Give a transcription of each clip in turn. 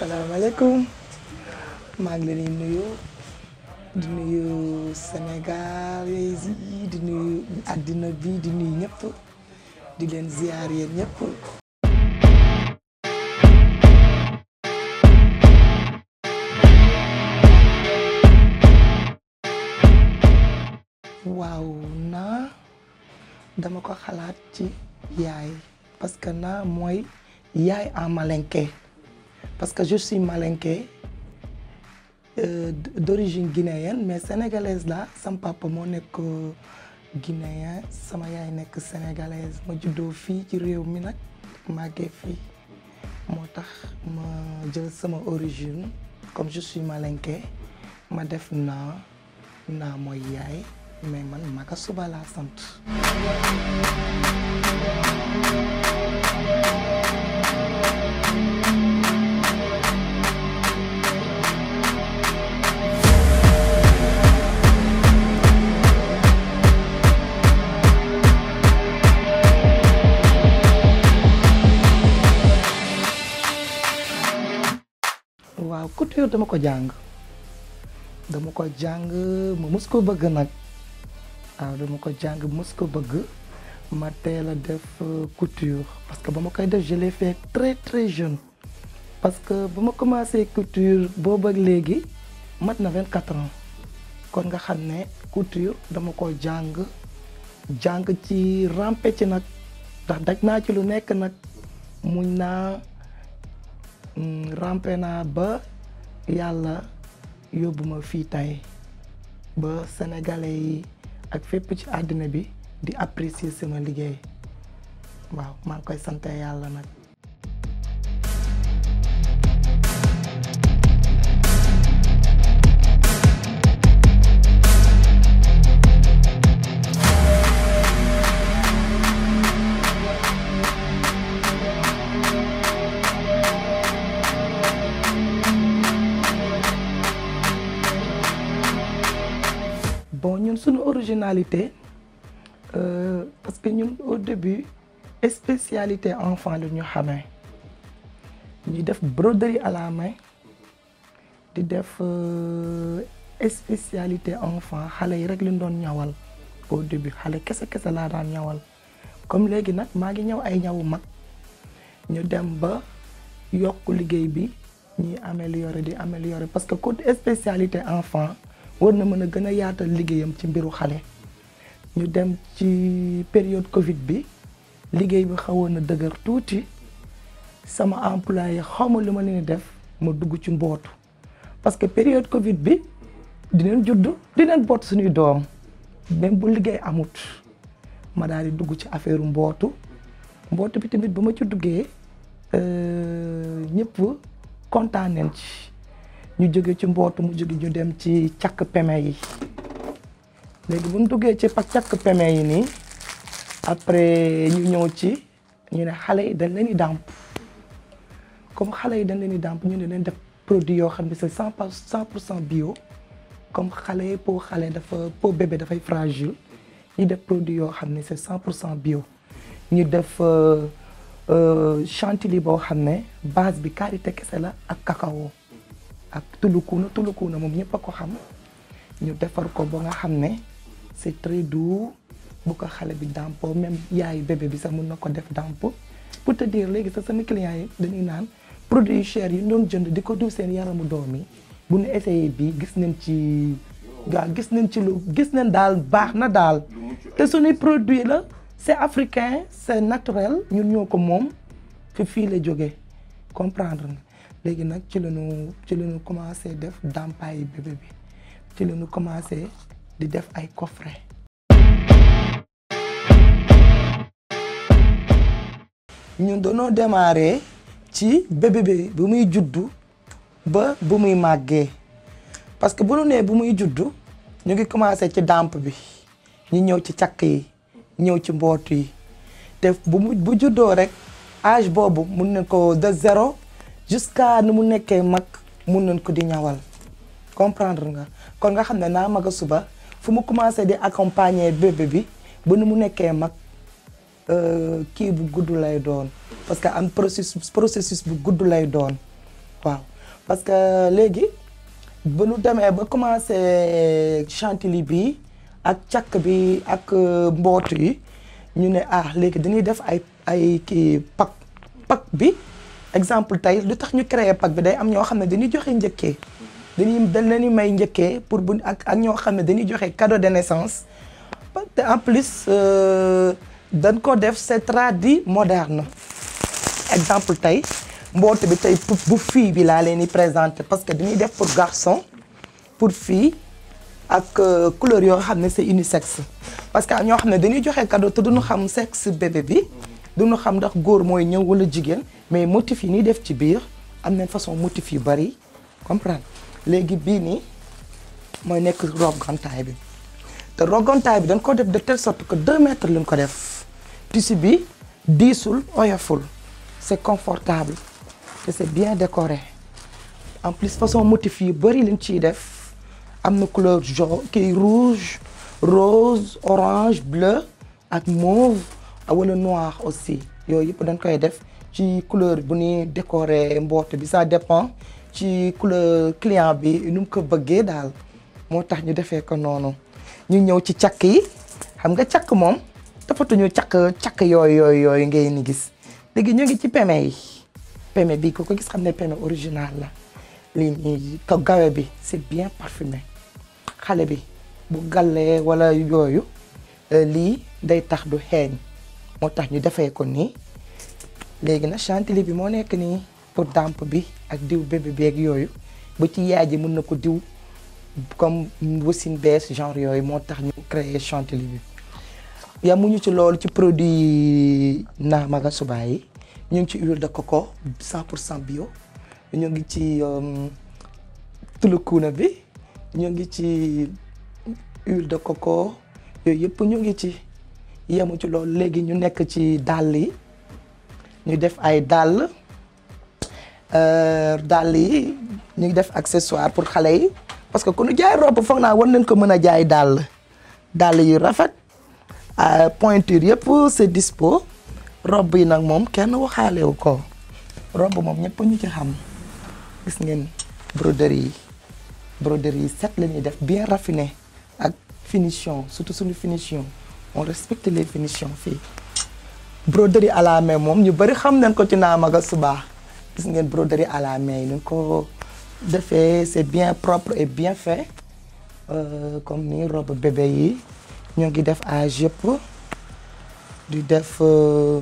salaamaaleykum maa ngi leen di nuyu di nuyu Sénégal yi di nuyu àddina bi di nuyu ñëpp di leen ziar yéen ñëpp. waaw naa dama ko xalaat ci yaay parce que naa mooy yaay en parce que je suis malinké euh, d'origine guinéenne mais sénégalaise la sama papa moo nekk euh, guinéen sama yaay nekk sénégalaise ma juddoo fii ci réew mi nag màggee fii moo tax ma jël sama origine comme je suis malinké ma def naa naa mooy yaay mais man Maga Suba laa sant. dama ko jàng dama ko jàng ma mës ko bëgg nag waaw dama ko jàng mës ko bëgg ma teel a def euh, couture parce que ba ma koy def je l'ai fait très très jeune parce que ba ma commencé couture boo bëgg léegi mat na quatre ans kon nga xam ne couture dama ko jàng jàng ci rampe ci nag ndax daj naa ci lu nekk nag muñ naa mm, rampe naa ba yàlla yóbbu ma fii tey ba sénégalais yi ak fépp ci àddina bi di apprécier sama liggéey waaw maa koy sant yàlla nag. suñu originalité euh, parce que ñun au début spécialité enfant lu ñu xamee ñu def broderie à la main di def euh, spécialité enfant xale yi rek lañ doon ñawal au début xale kese kese laa daan ñawal comme léegi nag maa ngi ñëw ay ñawu mag ñu dem ba yokk liggéey bi ñuy améliorer di améliorer parce que code spécialité enfant war na mën a gën a yaatal liggéeyam ci mbiru xale ñu dem ci période Covid bi liggéey bi xawoon na dëgër tuuti sama employé xaw ma lu ma leen def ma dugg ci mbootu parce que période Covid bi dinañ judd dinañ boot suñuy doom même bu liggéey amut ma daal di dugg ci affaire mbootu mbootu bi tamit ba ma ci duggee euh, ñëpp kontaan ci. ñu jóge ci mbootu mu jóge ñu dem ci càkk peme yi léegi bu ñu duggee ci pa càkk peme yi nii après ñu ñëw ci ñu ne xale yi dañ leen di dàmp comme xale yi dañ leen di dàmp ñu ne leen def produit yoo xam ne c'est cent pour cent bio comme xale peau xale dafa peau bébé dafay fragile ñu def produit yoo xam ne c'est cent pour cent bio ñu def euh, euh, chantilly boo xam ne base bi karité kese la ak cacao ak tulukuuna tulukuuna moom ñëpp a ko xam ñu defar ko ba nga xam ne c'est très doux bu ko xale bi dàmpoo même yaayu bébé bi sax mun na ko def dàmp pour te dire léegi sax sama client yi dañuy naan produit yu cher yi doon jënd di ko diw seen yaramu doom yi bu ñu essayé bii gis nañ ci waaw gis nañ ci gis nañ daal baax na daal te suñuy produit la c'est africain c'est naturel ñun ñoo ko moom fi fii la jógee comprendre na léegi nag ci la ñu ci la ñu commencé def dàmpaayu bébé bi ci la ñu commencé di def ay coffret ñu dañoo démarré ci bébé bi muy juddu ba bu muy màggee parce que bu nu nee bu muy juddu ñu ngi commencé ci dàmp bi ñu ñëw ci càkk yi ñëw ci mbootu yi te bu mu bu juddoo rek age boobu mun na ko de zéro jusqu'à nu mu nekkee mag mun nañ ko di ñawal comprendre nga kon nga xam ne naa mag a suba fu mu commencé di accompagner bébé bi ba nu mu nekkee mag euh, kii bu gudd lay doon parce que am processus processus bu gudd lay doon waaw parce que léegi ba nu demee ba commencé chantilly bi ak caq bi ak euh, mboot yi ñu ne ah léegi dañuy def ay ay kii pak pak bi exemple tey lu tax ñu créer pack bi day am ñoo xam ne dañuy joxe njëkkee dañuy dañ leen may njëkkee pour bu ak ak ñoo xam ne dañuy joxe cadeau de naissance te en plus euh, dañ ko def c'est tradi moderne exemple tey mboote bi tey bu fille bi laa leen di présenter parce que dañuy def pour garçon pour fille ak euh, couleur yoo xam ne c'est unisexe parce que ñoo xam ne dañuy joxe cadeau te duñu xam sexe bébé bi duñu xam ndax góor mooy ñëw wala jigéen mais motif yi ñuy def ci biir am nañ façon motif yu bari comprendre léegi bii nii mooy nekk rogontaay bi te rogontaay bi dañ ko def de telle sorte que deux mètres lañ ko def tissu bi diisul oyoful c'est confortable te c'est bien décoré en plus façon motif yu bari lañ ciy def am na couleur jaune kii rouge rose orange bleu ak mauve wala noir aussi yooyu yëpp dañ koy def ci couleur bu ñuy décorer mboot bi ça dépend ci couleur client bi nu mu ko bëggee daal moo tax ñu defee ko noonu ñu ñëw ci cakk yi xam nga cakk moom dafatuñu càkk càkk yooyu yooyu yooyu ngay ni gis léegi ñu ngi ci peme yi peme bi ko ko gis xam ne peme original la lii nii ko gawe bi c'est bien parfumé xale bi bu gallee walla yooyu euh, lii day tax du xeeñ moo tax ñu defee ko nii léegi nag chantilly bi moo nekk nii pour damp bi ak diw bébé beeg yooyu ba ci yaay ji mën na ko diw comme wasin bees genre yooyu moo tax ñu créer chantilly bi yamuñu ci loolu ci produit naamaga suba yi ñu ngi ci ule de coco 100 pour cent bio ñu ngi ci euh, tulukuna bi ñu ngi ci ule de coco yooyu yëpp ñu ngi ci yemu ci loolu léegi ñu nekk ci dàll yi ñuy def ay dàll euh, dàll yi ñu def accessoire pour xale yi parce que ku ñu jaay robe foog naa war nañ ko mën a jaay dàll dàll yu rafet euh, pointure yëpp c'est dispo robe yi nag moom kenn waxaalewu ko robe moom ñëpp ñu ci xam gis ngeen broderie yi broderie yi set la ñuy def bien rafine ak finition surtout suñu finition on respecte les finitions fii broderie à la moom ñu bari xam nañ ko ci naamaga subaa gis ngeen broderie à la main yi ñu ko defee c'est bien propre et bien fait euh, comme ni robe bébé yi ñoo ngi def âge yëpp di def euh,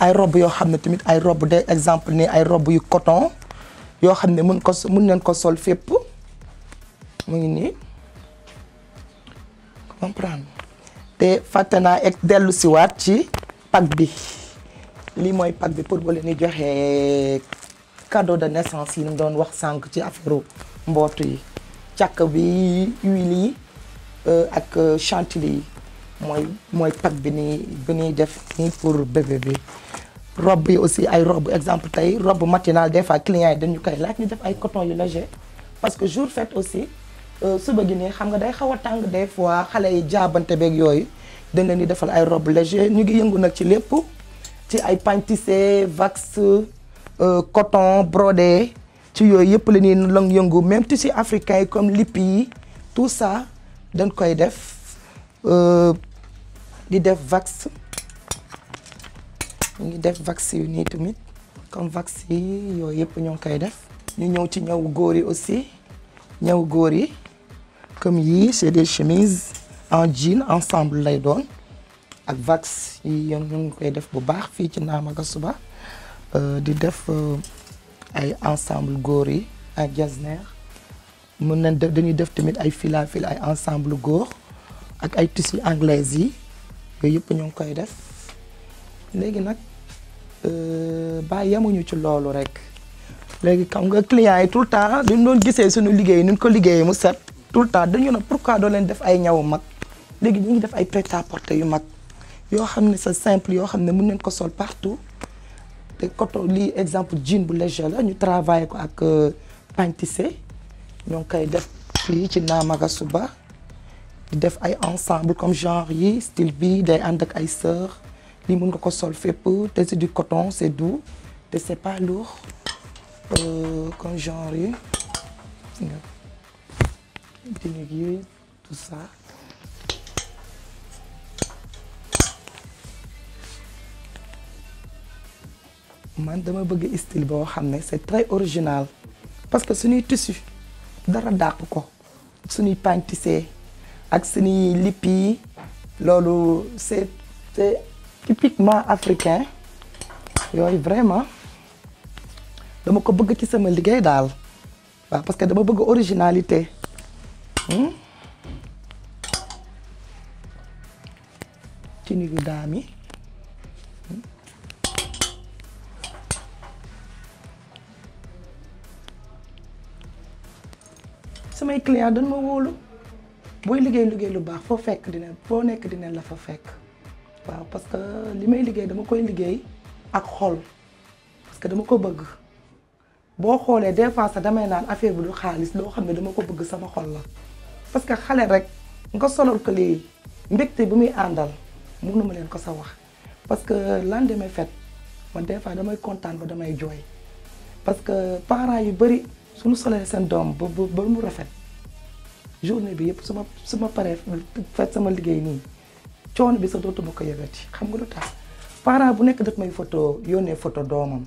ay robe yoo xam ne tamit ay robe de exemple ni ay robe yu coton yoo xam ne mën ko mën nañ ko sol fépp mu ngi nii comprendre te fàtte naa ek dellu siwaat ci pack bi lii mooy pack bi pour ba leen di joxe cadeau de naissance yi mu doon wax sànq ci affaire mbootu yi càkk bi huile yi euh, ak euh, chantilly yi mooy mooy pack bi ni bi ñuy def nii pour bébé bi robe yi aussi ay robe exemple tey robe matinale des fois clients yi dañu koy laaj ñu def ay coton yu léger parce que jour fête aussi Euh, suba gi nii xam nga day xaw a tàng des fois xale yi jaabante beeg yooyu dañ leen di defal ay robe léger ñu ngi yëngu nag ci lépp ci ay pantissé wax euh, coton brode ci yooyu yëpp la ñuy long yëngu même tissu africain yi comme lipp yi tout ça dañ koy def euh, di def vax ñu ngi def wax yu nii tamit comme wax yi yooyu yëpp ñoo ngi koy def ñu ñëw ci ñëw góor yi aussi ñaw góor yi comme yii c'est des chemises en jean ensemble lay doon ak vax yi yoon ñu ngi koy def bu baax fii ci naamaka Naamagasuba euh, di def euh, ay ensemble góor yi ak jasner mën nañ def dañuy def tamit ay fil à fil ay ensemble góor ak ay tissus anglais yi yooyu yëpp ñu ngi koy def léegi nag euh, ba yemuñu ci loolu rek léegi xam nga client yi tout le temps duñ doon gisee suñu liggéey nuñ ko liggéey mu set tout le temps dañu ne pourquoi doo leen def ay ñaw mag léegi ñu ngi def ay prêt à yu mag yoo xam ne sa simple yoo xam ne mën nañ ko sol partout te coton lii exemple jean bu la ñu travaillé ko ak euh, pagne ñoo ngi koy def fii ci Naamagasuba di def ay ensemble comme genre yi style bi day ànd ak ay sœur lii mun nga ko sol fépp te c'est du coton c'est doux te c'est pas lourd euh, comme genre yi. grillé, tout ça. man dama bëgg style boo xam ne c'est très original parce que suñuy tissu dara dàq ko suñuy pagne tissé ak suñuy lipp loolu c'est c'est africain yooyu vraiment dama ko bëgg ci sama liggéey daal parce que dama bëgg originalité ci diggu daam yi samay client dañ ma wóolu booy liggéey liggéey lu baax foo fekk dina foo nekk dina la fa fekk waaw parce que li may liggéey dama koy liggéey ak xol parce que dama ko bëgg boo xoolee des fois sax damay naan affaire bi du xaalis loo xam ne dama ko bëgg sama xol la parce que xale rek nga solal ko lii mbégte bi muy àndal mun ma leen ko sa wax parce que lendemain fête man des fois damay kontaan ba damay jooy parce que parents yu bëri suñu solee seen doom ba ba mu rafet journée bi yëpp suma ma su ma sama liggéey nii coon bi sa dootuma ko yëgati xam nga lu tax parent bu nekk daf may photo yónnee photo doomam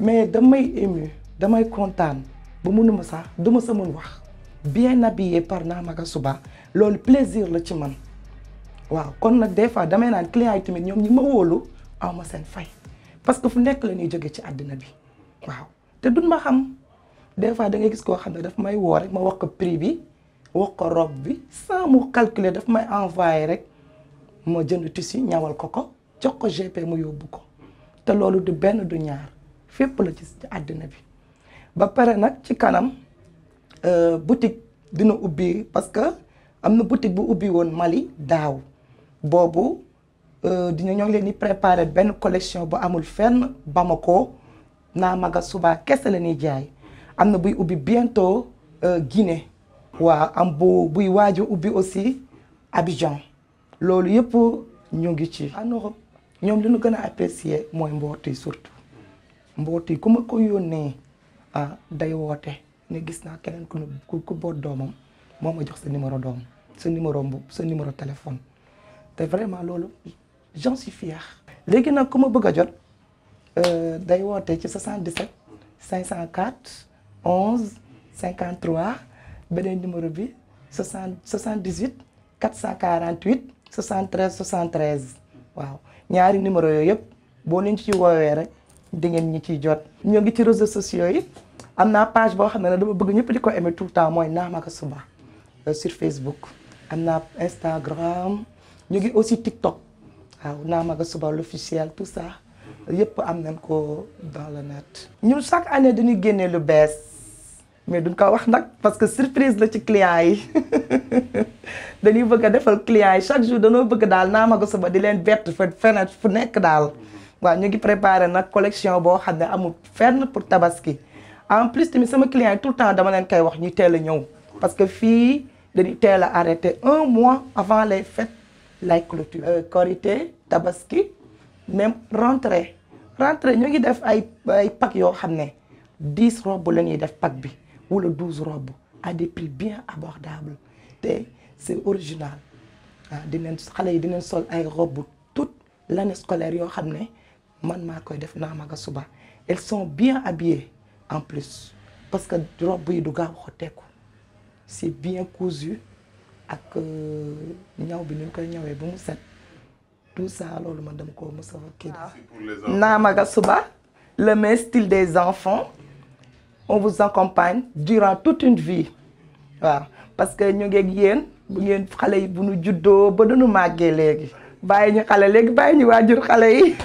mais damay ému damay kontaan ba mënuma sax duma sa mën wax bien habillé par Naamaka Suba loolu plaisir la ci man waaw kon nag des fois damay naan client yi tamit ñoom ñi ma wóolu aw ma seen fay parce que fu nekk la ñuy jóge ci àddina bi waaw te duñ ma xam des fois da ngay gis koo xam ne dafa may woo rek ma wax ko prix bi wax ko robe bi sans mu calculer daf may envoyé rek ma jënd tissu ñawal ko ko jox ko GP mu yóbbu ko te loolu du benn du ñaar fépp la ci àddina bi ba pare nag ci kanam. Euh, boutique dina ubbi parce que am na boutique bu ubbi woon Mali daaw boobu euh, dina ñoo ngi leen di préparer benn collection bu amul fenn Bamako naa maga suba kese la ñuy jaay am na buy ubbi biento euh, Guinée waaw am bu buy waajo ubbi aussi Abidjan loolu yëpp ñu ngi ci en Europe ñoom li ñu gën a apprécier mooy mboot yi surtout mboot yi ku ma ko yónnee ah day woote ne gis naa keneen ku ne ku boot doomam moo ma jox sa numéro doom sa numéro mbu sa numéro téléphone te vraiment loolu j'en suis fier. léegi nag ku ma bëgg a jot euh, day woote ci 77 504 11 53 beneen numéro bi 60 78 448 73 73 waaw ñaari numéro yooyu yëpp boo leen ci woowee rek di ngeen ñi ciy jot. ñoo ngi ci réseaux sociaux yi. am naa page boo xam ne dama bëgg ñëpp di ko aimer tout le temps mooy Naamaka Suba euh, sur Facebook am naa Instagram ñu ngi aussi TikTok waaw Naamaka Suba l'officiel tout ça yëpp am nañ ko dans le net. ñun chaque année dañuy génnee lu bees mais duñ ko wax nag parce que surprise la ci clients yi dañuy bëgg a defal clients yi chaque jour dañoo bëgg daal Naamaka Suba di leen bett fa feneen fu nekk daal waaw ñu ngi préparé nag collection boo xam ne amul fenn pour tabaski. en plus tamit sama client yi tout le temps dama leen koy wax ñu teel a ñëw parce que fii dañuy teel a arrêté un mois avant les fêtes lay clôture euh, korité tabaski même rentré rentré ñu ngi def ay ay pack yoo xam ne dix robe la ñuy def pack bi wala douze robe à des prix bien abordables te c'est original ah dinañ xale yi dinañ sol ay robe toute l'année scolaire yoo xam ne man maa koy def naa maga suba elles sont bien habillées en plus parce que robe yi du gaaw xotteeku c'est bien cousu ak euh, ñaw bi ñu koy ñawee ba mu set tout ça loolu man dama ko mos a kii ah. Naamaga Suba le même style des enfants on vous accompagne durant toute une vie waaw parce que ñu ngeeg yéen bu ngeen xale yi bu ñu juddoo ba duñu màggee léegi bàyyi ñu xale léegi bàyyi ñu waajur xale yi